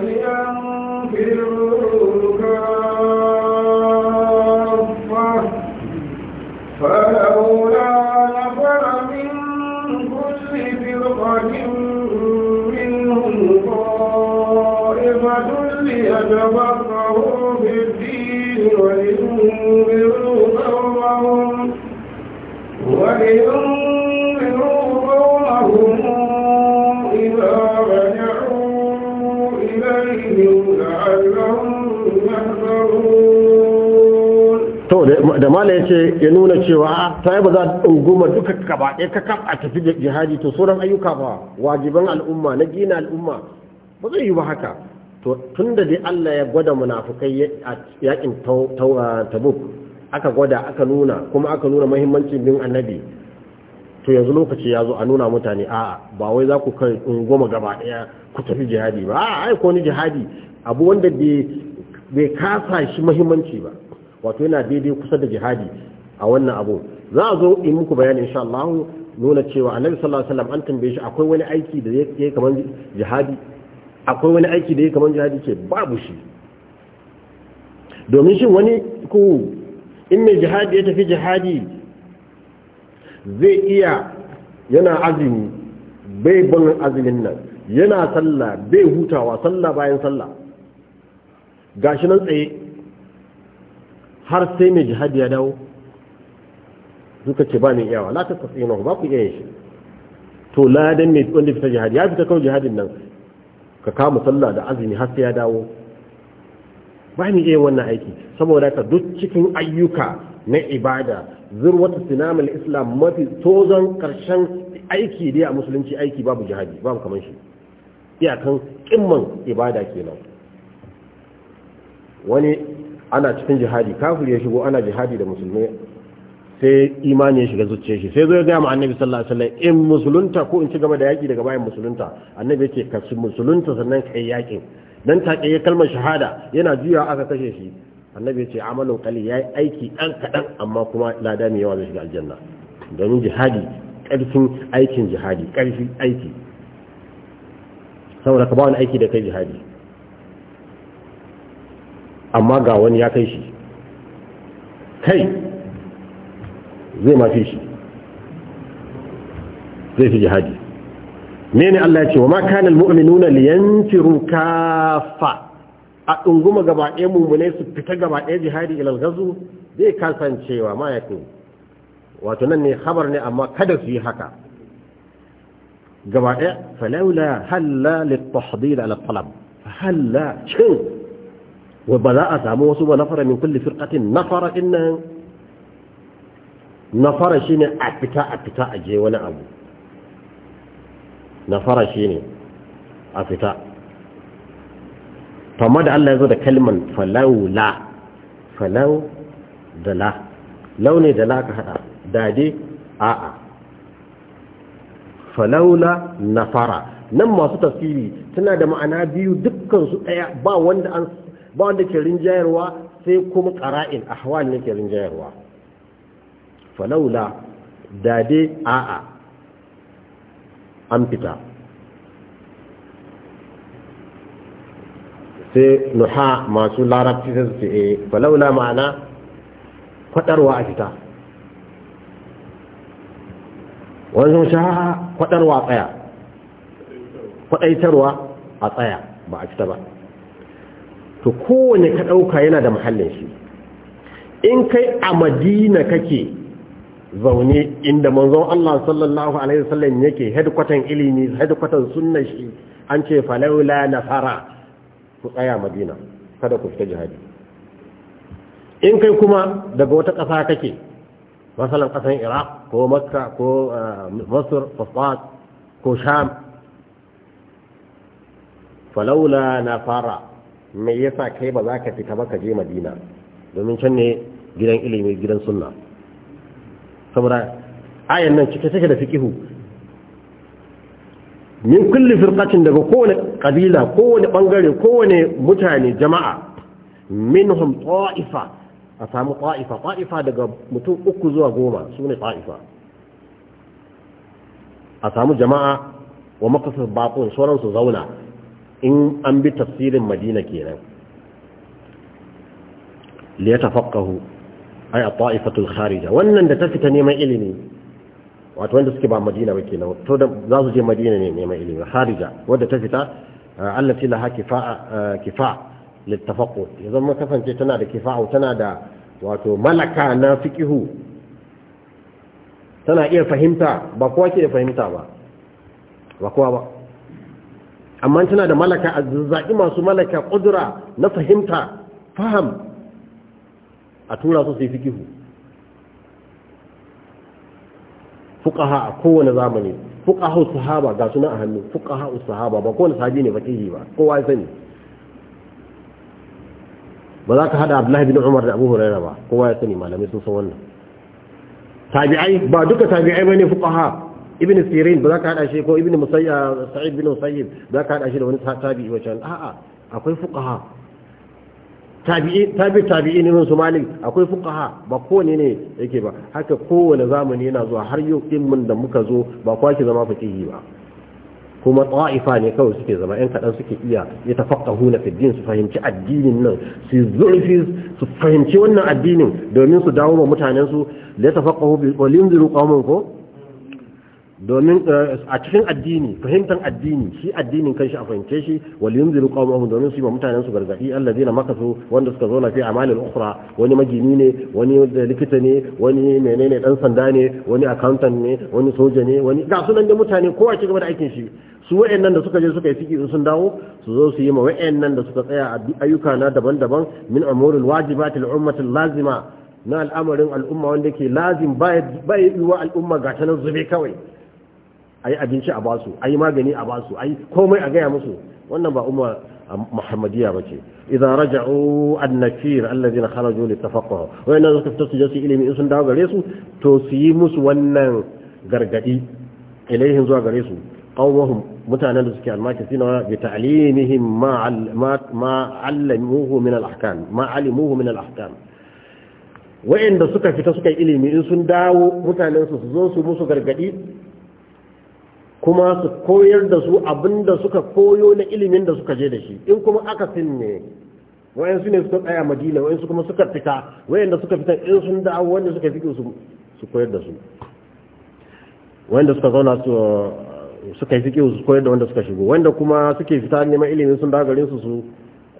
da mala yace ya nuna cewa ta ba za a duka kaba ɗaya ka a tafi da jihadi to sauran ayyuka ba wajiban al'umma na gina al'umma ba zai yi ba haka to tunda dai Allah ya gwada munafukai yakin tabuk aka gwada aka nuna kuma aka nuna muhimmancin bin annabi to yanzu lokaci ya zo a nuna mutane a ba wai za ku kai goma gaba ɗaya ku tafi jihadi ba a ko ni jihadi abu wanda bai kasa shi muhimmanci ba wato yana daidai kusa da jihadi a wannan abu za a zo in muku bayani insha Allah nuna cewa annabi sallallahu alaihi wasallam an tambaye shi akwai wani aiki da yake kaman jihadi akwai wani aiki da yake kaman jihadi ce babu shi domin shin wani ku in mai jihadi ya tafi jihadi zai iya yana azumi bai ban azumin nan yana sallah bai hutawa sallah bayan sallah gashi nan tsaye har sai mai jihadi ya dawo suka ce ba mai iyawa la ta tsatsi na ba ku iya shi to ladan mai wanda fita jihadi ya fita kawai jihadin nan ka kama sallah da azumi har sai ya dawo ba mai iya wannan aiki saboda ka duk cikin ayyuka na ibada zurwata sinamul islam mafi tozon karshen aiki dai a musulunci aiki babu jihadi babu kamar shi iyakan kimman ibada kenan wani ana cikin jihadi kafir ya shigo ana jihadi da musulmi sai imani ya shiga zuciyar shi sai zo ya gaya ma annabi sallallahu alaihi wasallam in musulunta ko in ci gaba da yaki daga bayan musulunta annabi yake ka musulunta sannan ka yi yakin dan take ya kalmar shahada yana juya aka kashe shi annabi yace amalun qali yayi aiki dan kadan amma kuma lada mai yawa zai shiga aljanna domin jihadi karfin aikin jihadi karfin aiki saboda ka ba wani aiki da kai jihadi amma ga wani ya kai shi kai zai mafi shi zai fi jihadi mene Allah ya ce wa ma kana na liyanfiru kafa a dunguma gaba ɗaya mummune su fita gaba ɗaya jihadi ilal gazu zai kasancewa ma yakin wato nan ne habar ne amma kada su yi haka gaba ɗaya falaula halla litahdid ala talab halla shin wa ba za a samu wasu ba nafara min kulli firqatin nafara innan nafara shine a fita a fita a je wani abu nafara shine a fita to amma da Allah ya zo da kalman falawla falaw dala, la launi da la ka hada dade a'a falawla nafara nan masu tafsiri tana da ma'ana biyu dukkan su daya ba wanda an ba wanda ke rinjayarwa sai kuma ƙara'in ahwal ne ke rinjayarwa falaula dade a'a an fita sai nuha masu larabci sai su ce e falaula ma'ana kwadarwa a fita wajen sha kwadarwa a tsaya kwadaitarwa a tsaya ba a fita ba to kowane ka ɗauka yana da muhallin shi in kai a madina kake zaune inda manzon Allah sallallahu alaihi wasallam yake headquarter ilimi headquarter sunnah shi an ce falaula nafara ku tsaya madina kada ku fita jihadi in kai kuma daga wata ƙasa kake masalan ƙasan iraq ko makka ko eh, masar fasfat ko sham falaula nafara me yasa kai ba za ka fita ba ka je madina domin can ne gidan ilimi gidan sunna saboda ayan nan cike take da fiqihu min kulli firqatin daga kowane kabila kowane bangare kowane mutane jama'a minhum ta'ifa a samu ta'ifa ta'ifa daga mutum uku zuwa goma su ne ta'ifa a samu jama'a wa makasar bakon sauransu zauna in an bi tafsirin madina kenan li yatafaqahu ay ta'ifatul kharija wannan da ta fita neman ilimi wato wanda suke ba madina ba kenan to da za su je madina ne neman ilimi kharija wanda ta fita eh, allati laha kifa'a eh, kifa litafaqqu idan mun kasance tana da kifaa tana da wato malaka na fiqihu tana iya fahimta ba kowa ke fahimta ba ba kowa ba amma tana da malaka a zazzaɓi masu malaka ƙudura na fahimta faham a tura su sai fikihu fukaha a kowane zamani su sahaba ga suna a hannu su sahaba ba kowane sahabi ne fakihi ba kowa ya sani ba za ka hada Abdullahi bin Umar da Abu Hurairah ba kowa ya sani malamai sun san wannan tabi'ai ba duka tabi'ai ne fukaha ibn sirin ba za ka haɗa shi ko ibn musayya sa'id bin musayyib za ka haɗa shi da wani tabi'i wacan a'a akwai fuqaha tabi'i tabi tabi'i ne min su malik akwai fuqaha ba kowane ne yake ba haka kowane zamani yana zuwa har yau din da muka zo ba ki zama fakihi ba kuma ta'ifa ne kawai suke zama yan kaɗan suke iya ya tafaqahu na fiddin su fahimci addinin nan su zurfi su fahimci wannan addinin domin su dawo wa mutanen su la tafaqahu bi qalinziru qauman ko domin eh, a cikin addini fahimtar addini shi addinin kanshi a fahimce shi wal yunziru qawmahum domin su yi mutanen su gargadi allazina makasu wanda suka zo na fi amalil ukhra wani magini ne wani likita ne wani menene dan sanda ne wani accountant ne wani soja ne wani ga sunan da mutane kowa ci gaba da aikin shi su wayannan da suka je suka yi siki sun dawo su zo su yi ma wayannan da suka tsaya a ayyuka na daban-daban min umuril wajibatil ummati lazima na al'amarin al'umma wanda ke lazim ba yi wa al'umma ga ta nan zube kawai ai abinci a basu ai magani a basu ai komai a gaya musu wannan ba umma ah, muhammadiyya bace idza raja'u an-nakir alladhina kharaju litafaqquh wa inna zaka tafsija su ilimi in sun dawo gare su to su yi musu wannan gargadi ilaihin zuwa gare su qawmuhum mutanen da suke almakisi na bi ta'limihim ma ma allamuhu min al-ahkam ma alimuhu min al-ahkam wa'inda suka fita suka ilimi in sun dawo mutanen su su zo su musu gargadi kuma su koyar da su abin da suka koyo na ilimin da suka je da shi in kuma akasin ne su ne suka tsaya madina su kuma suka fita wayanda suka fita in sun da'a wanda suka fi su su koyar da su da suka zauna su suka yi su koyar da wanda suka shigo wanda kuma suke fita neman ilimin sun dawo garin su su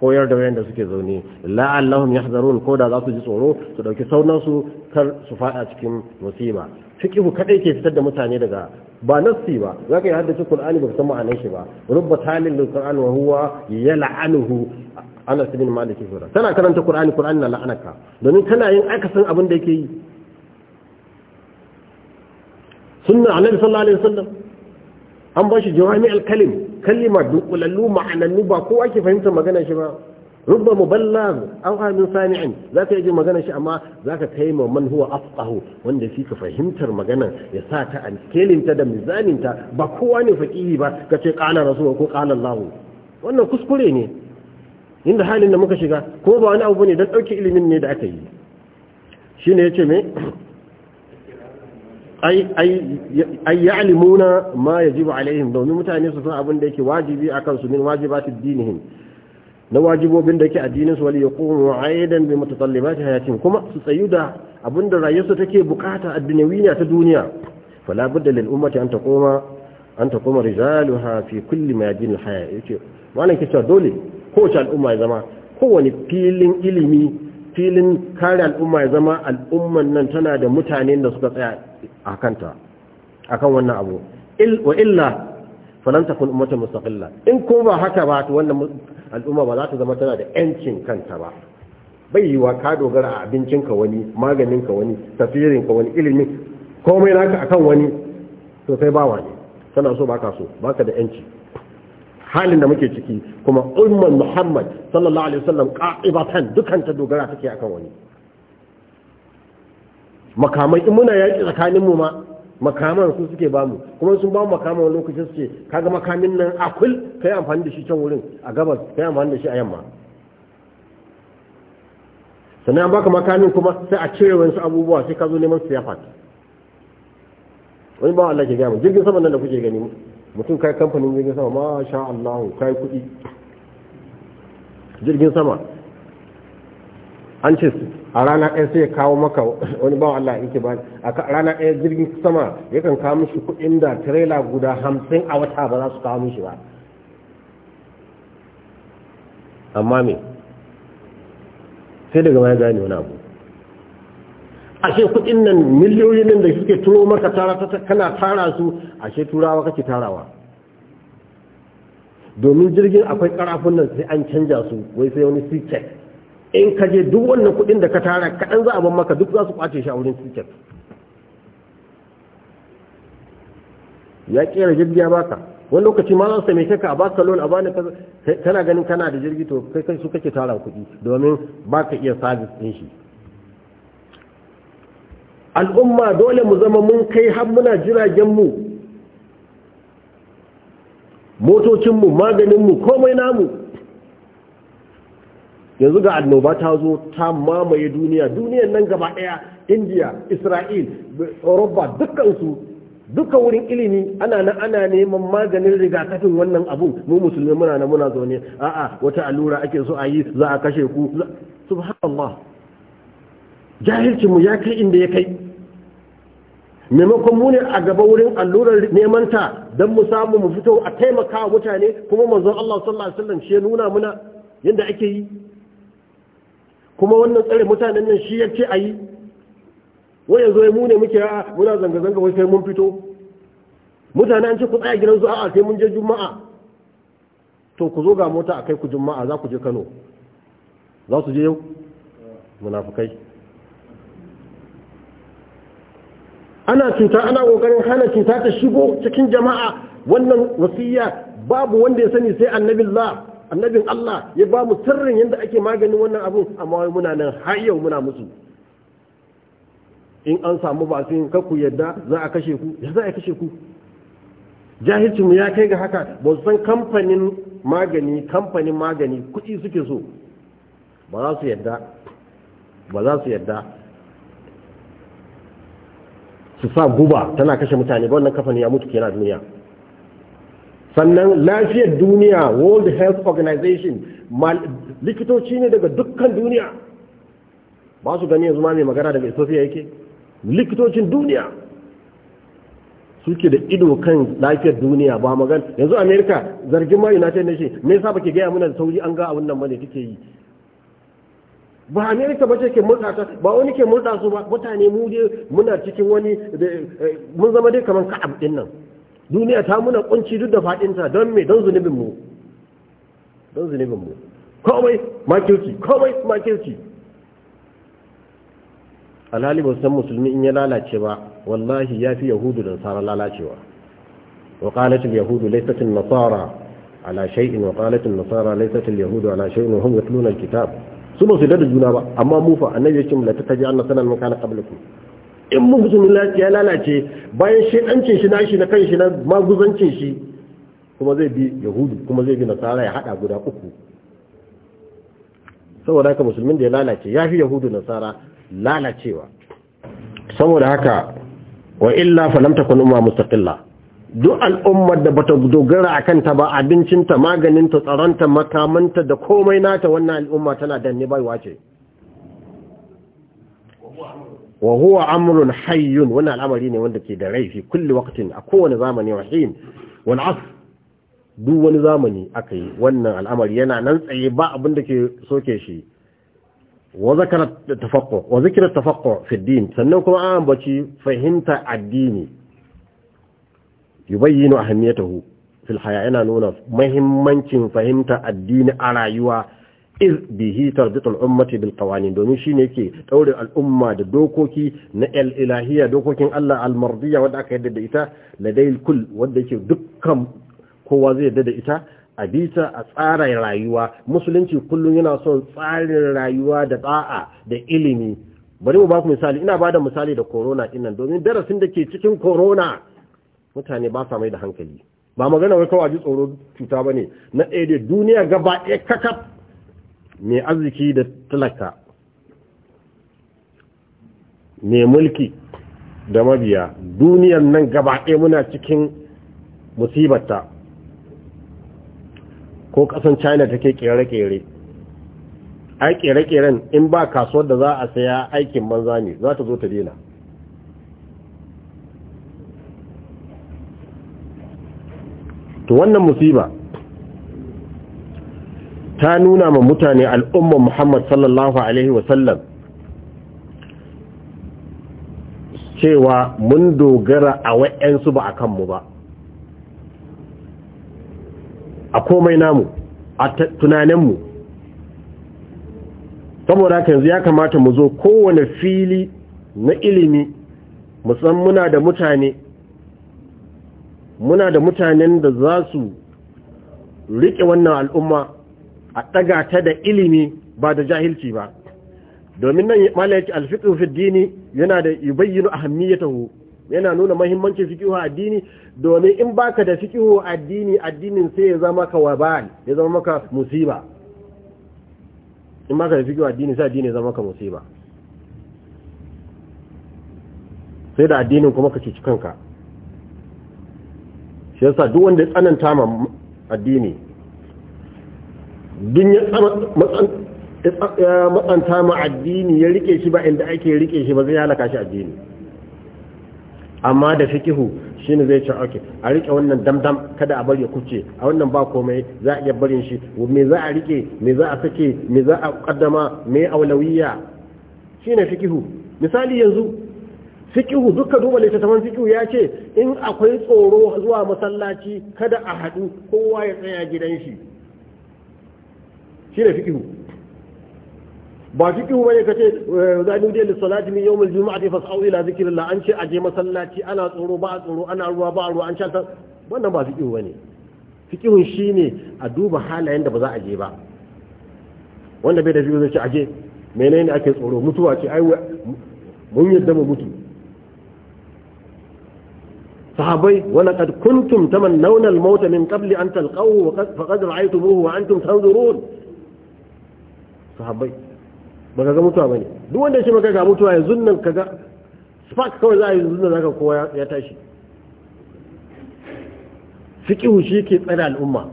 koyar da wayanda suke zaune la'allahum yahzarun ko da za su ji tsoro su dauki saunan su kar su fada cikin musiba fiqhu kadai ke fitar da mutane daga ba nassi ba ka yi haddace Qur'ani ba san ma'anar shi ba rubba talil lil Qur'an wa huwa yal'anuhu ana sabin Malik sura tana karanta Qur'ani Qur'ani na la'anaka domin kana yin akasin abin da yake yi sunna Annabi sallallahu alaihi wasallam an ba shi jawami al-kalim kalima dukulallu ma'anannu ba kowa ke fahimtar magana shi ba rubba muballan aw amin sami'in zaka yi magana shi amma zaka kai ma manhuwa huwa afqahu wanda shi ka fahimtar magana ya sa ta an kelinta da mizaninta ba kowa ne faqihi ba ce qala rasul ko qala lahu, wannan kuskure ne inda halin da muka shiga ko ba wani abu ne dan dauke ilimin ne da aka yi shine yace me ai ai ya'limuna ma yajibu alaihim domin mutane su san abin da yake wajibi akan su min wajibatid dinihim na wajibobin da ke addinin su wali ya kuma aidan bi mutatallimati hayatin kuma su tsayu da abinda rayuwarsu take bukata a dunyawiya ta duniya fala budda lil ummati an ta koma taquma rijaluha fi kulli madin al haya yace wannan dole kowace al'umma ya zama kowane filin ilimi filin kare al'umma ya zama al'umman nan tana da mutanen da suka tsaya a kanta akan wannan abu wa illa falan kun ummatan mustaqilla in ko ba haka ba to wannan al'umma ba za ta zama tana da yancin kanta ba bai yiwa ka dogara a abincinka wani maganinka wani ka wani ilimin komai naka akan wani to sai bawa ne kana so baka so baka da yanci halin da muke ciki kuma umman muhammad sallallahu alaihi wasallam qa'ibatan dukan ta dogara take akan wani makamai in muna yaki tsakanin mu ma makaman su suke bamu kuma sun bamu makaman wani lokacin su ce kaga makamin nan akul yi amfani da shi can wurin a gabas yi amfani da shi a yamma sannan baka makamin kuma sai a cire wani abubuwa sai ka zo neman su ya fata wani ba Allah ke gama jirgin sama nan da kuke gani mutum kai kamfanin jirgin sama ma sha Allah kai kuɗi jirgin sama an ce a rana ɗaya sai ya kawo maka wani bawa Allah yake ba a rana ɗaya jirgin sama yakan kawo mishi kuɗin da tirela guda hamsin a wata ba za su kawo mishi ba amma me sai daga ya gane wani abu ashe kuɗin nan miliyoyin nan da suke turo maka tara kana tara su ashe turawa kake tarawa domin jirgin akwai ƙarafin nan sai an canja su wai sai wani sea in ka je duk wannan kuɗin da ka tara kaɗan za a ban maka duk za su kwace shi a wurin ciket. ya kera jirgi ya baka wani lokaci ma za su same shaka a baka loan a bani kana ganin kana da jirgi to kai kai su kake tara kuɗi domin baka iya sabis ɗin shi al'umma dole mu zama mun kai har muna mu, motocinmu maganinmu komai namu yanzu ga annoba ta zo ta mamaye duniya duniyan nan gaba daya india isra'il europa dukkansu duka wurin ilimi ana nan ana neman maganin rigakafin wannan abu mu musulmi muna nan muna zaune a'a wata allura ake so a yi za a kashe ku subhanallah jahilci mu ya kai inda ya kai maimakon mu ne a gaba wurin allurar neman ta don mu samu mu fito a taimaka mutane kuma manzon Allah sallallahu alaihi wasallam shi nuna muna yadda ake yi kuma wannan tsare mutanen nan shi ya ce a yi Wani yanzu mu ne muke a muna zanga-zanga wai sai mun fito mutane an ce ku tsaya gidan zuwa a sai mun je juma'a to ku zo ga mota a kai ku juma'a za ku je kano za su je yau munafukai ana cuta ana kokarin hana cuta ta shigo cikin jama'a wannan wasiya babu wanda ya sani sai annabi Allah annabin Allah ya ba mu sirrin yadda ake maganin wannan abun amma muna nan har yau muna musu in an samu basin kakku yadda za a kashe ku ya za a kashe ku jahilci mu ya kai ga haka ba su san kamfanin magani kamfanin magani kuɗi suke so ba za su yadda ba za su yadda su sa guba tana kashe mutane ba wannan kafani ya mutu kenan duniya sannan lafiyar duniya world health organization likitoci ne daga dukkan duniya ba su gani yanzu ma mai magana daga ethiopia yake likitocin duniya suke da ido kan lafiyar duniya ba magana yanzu america zargin ma united nations me yasa ke gaya mana da sauri an ga abin nan bane take yi ba america ba ce ke murɗa ta ba wani ke murɗa su ba mutane mu dai muna cikin wani eh, mun zama dai kamar ka'ab din nan duniya ta muna kunci duk da fadinta don me don zunubin mu don zunubin mu komai makilci komai makilci alhali ba san musulmi in ya lalace ba wallahi ya fi yahudu da nasara lalacewa wa qalat al yahudu laysat al nasara ala shay'in wa qalat al nasara laysat al yahudu ala shay'in wa hum yatluna al kitab su ba su da juna ba amma mu fa annabi ya ce mu la tataji anna sanan min kana qablakum in mugusun ya lalace bayan shi shaidancin shi shi na shi na maguzancin shi kuma zai bi yahudu kuma zai bi nasara ya hada guda uku saboda haka musulmin da ya lalace ya fi yahudu nasara lalacewa saboda haka wa illa fa lam takun umma mustaqilla duk al'ummar da bata dogara akan ta ba abincinta maganinta tsaronta makamanta da komai nata wannan al'umma tana danne baiwa ce wa huwa amrun hayyun wannan al'amari ne wanda ke da rai fi kulli waqtin a kowane zamani wa hin wal asr duk wani zamani aka yi wannan al'amari yana nan tsaye ba abin da ke soke shi wa zikra tafaqquh wa zikra tafaqquh fi din sannan kuma an ambaci fahimta addini yubayyinu ahamiyatahu fil haya yana nuna muhimmancin fahimta addini a rayuwa iz bihi tarbitul ummati bil qawanin domin shine yake daure al'umma da dokoki na al ilahiyya dokokin Allah al mardiya wanda aka yadda da ita ladayil kul wanda yake dukkan kowa zai yadda da ita a bita a tsara rayuwa musulunci kullum yana son tsarin rayuwa da da'a da ilimi bari mu ba ku misali ina bada misali da corona nan domin darasin da ke cikin corona mutane ba sa mai da hankali ba magana wai kawai ji tsoro cuta bane na ɗaya da duniya gaba ɗaya kakaf mai arziki da talaka mai mulki da mabiya duniyar nan gaba ɗaya muna cikin musibarta ko ƙasan china take ƙere-ƙere ai ƙere-ƙeren in ba kasuwar da za a saya aikin banza ne za ta zo ta dina to wannan musiba ta nuna ma mutane al'umman Muhammad sallallahu Alaihi wasallam cewa mun dogara a wa'yansu ba a kanmu ba a komai namu a tunaninmu saboda haka yanzu ya kamata mu zo kowane fili na ilimi musamman muna da mutane muna da mutanen da za su riƙe wannan al'umma a ɗaga ta da ilimi ba da jahilci ba domin nan malayci alfiqhu fi yana da ya taho. yana nuna mahimmancin fiqhu addini domin in baka da fiqhu addini addinin sai ya zama ka wabal ya zama maka musiba in baka da fiqhu addini sai addini ya zama ka musiba sai da addinin kuma ka cuci kanka shi yasa duk wanda ya tsananta ma addini duk ya matsanta ma addini ya rike shi ba inda ake rike shi ba zai halaka shi addini amma da fikihu shine zai ce okay a rike wannan damdam kada a bari ya kuce a wannan ba komai za a iya barin shi me za a rike me za a sake me za a kaddama me aulawiya shine fikihu misali yanzu fikihu duka duba littattafan fikihu ya ce in akwai tsoro zuwa masallaci kada a haɗu kowa ya tsaya gidan shi shi eh, ne fiƙihu ba fiƙihu bane ce za ni da salati min yawmul jumu'ati fas'au ila zikrillah an ce aje masallaci ana tsoro ba a tsoro ana ruwa ba a ruwa an shanta wannan ba fiƙihu bane fiƙihun shine a duba halayen da ba za a je ba wanda bai da fiƙihu zai ce aje menene ake tsoro mutuwa ce ai mun yadda mu mutu sahabai wala kad kuntum tamannawna al-maut min qabli an talqahu faqad ra'aytumuhu wa antum tanzurun sahabbai ba ka ga mutuwa ba ne duk wanda shi maka ga mutuwa yanzu nan ka ga spark kawai za a yi yanzu nan zaka kowa ya tashi fiƙihu shi ke tsare al'umma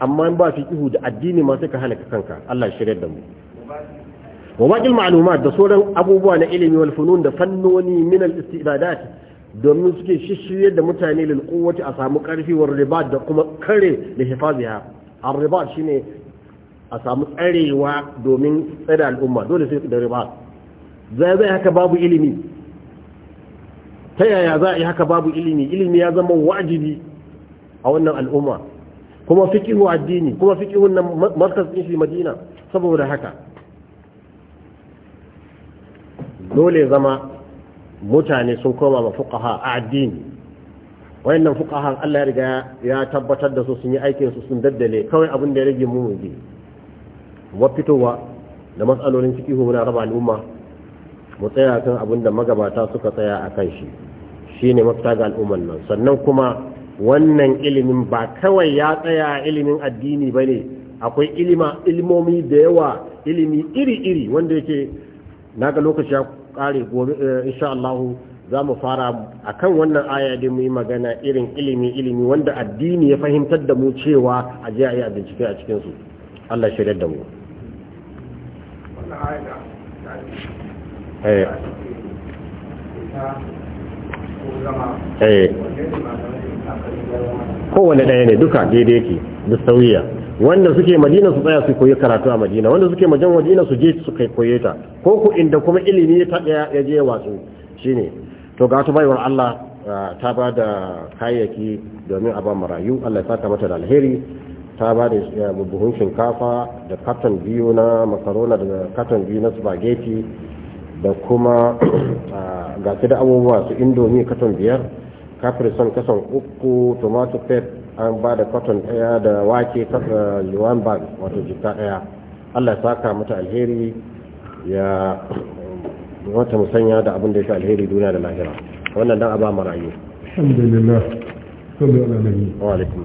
amma in ba fiƙihu da addini ma sai ka halaka kanka Allah shirya da mu wa baqil ma'lumat da sauran abubuwa na ilimi wal funun da fannoni min al istibadat domin suke shishiye da mutane lil quwwati a samu karfi war ribat da kuma kare da hifaziha ar ribat shine a samu tsarewa domin tsada al'umma dole sai da riba zai zai haka babu ilimi ta yaya za a yi haka babu ilimi ilimi ya zama wajibi a wannan al'umma kuma fikihu addini kuma fikihu nan markas din shi madina saboda haka dole zama mutane sun koma ma fuqaha a addini wayannan fuqahan Allah ya riga ya tabbatar da su sun yi aikin su sun daddale kawai abin da ya rage mu mu fitowa da matsalolin ko muna raba al'umma mu tsaya kan abin da magabata suka tsaya a kan shi shine mafita ga al'umman nan sannan kuma wannan ilimin ba kawai ya tsaya ilimin addini ba ne akwai ilima ilmomi da yawa ilimi iri-iri wanda yake naga lokaci ya kare gobe eh, insha Allah za mu fara a kan wannan aya da mu yi magana irin ilimi ilimi wanda addini ya fahimtar da mu cewa a je a yi a bincike a cikinsu Allah shirya da mu Eh. Eh. kowane ɗaya ne duka daidai yake da sauyiya wanda suke madina su tsaya su koyi karatu a madina wanda suke majan madina su je su kai koye ta ko ku inda kuma ilimi ya je watsu ne. to ga ta baiwar Allah ah, ta ba da kayayyaki domin a ba marayu Allah ya saka mata da alheri ta ba da eh, buhun shinkafa da katon biyu na makarona da katon biyu na spaghetti da kuma [clears throat] ga da abubuwa su indomi katon biyar kafirson kasan uku tomato pep an ba da katon daya da wake liwan eh, bag wato jika daya allah saka mata alheri ya [clears throat] wata musanya da abin da ya fi alheri duniya da lahira wannan dan a ba marayu alhamdulillah sallallahu alaihi wa alaikum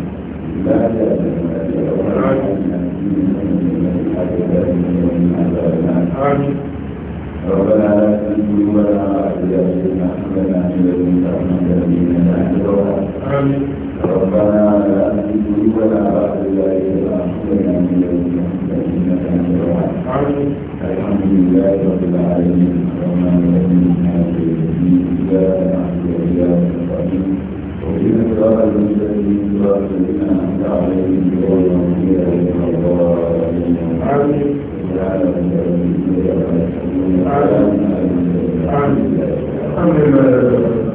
ربنا لا تزغ قلوبنا بعد إذ هديتنا وهب لنا من لدنك الحمد لله رب العالمين الرحمن الرحيم مالك يوم الدين إياك نعبد وإياك نستعين وإن قال المسلمين صراط الذين أنعمت عليهم غير المغضوب عليهم ولا الضالين آمين آمين آمين آمين